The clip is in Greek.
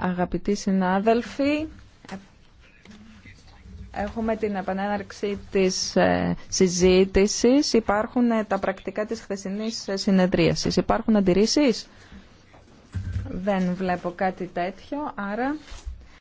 Αγαπητοί συνάδελφοι, έχουμε την επανέναρξη της ε, συζήτησης. Υπάρχουν ε, τα πρακτικά της χθεσινής ε, συνεδρίασης. Υπάρχουν αντιρρήσεις. Δεν βλέπω κάτι τέτοιο, άρα...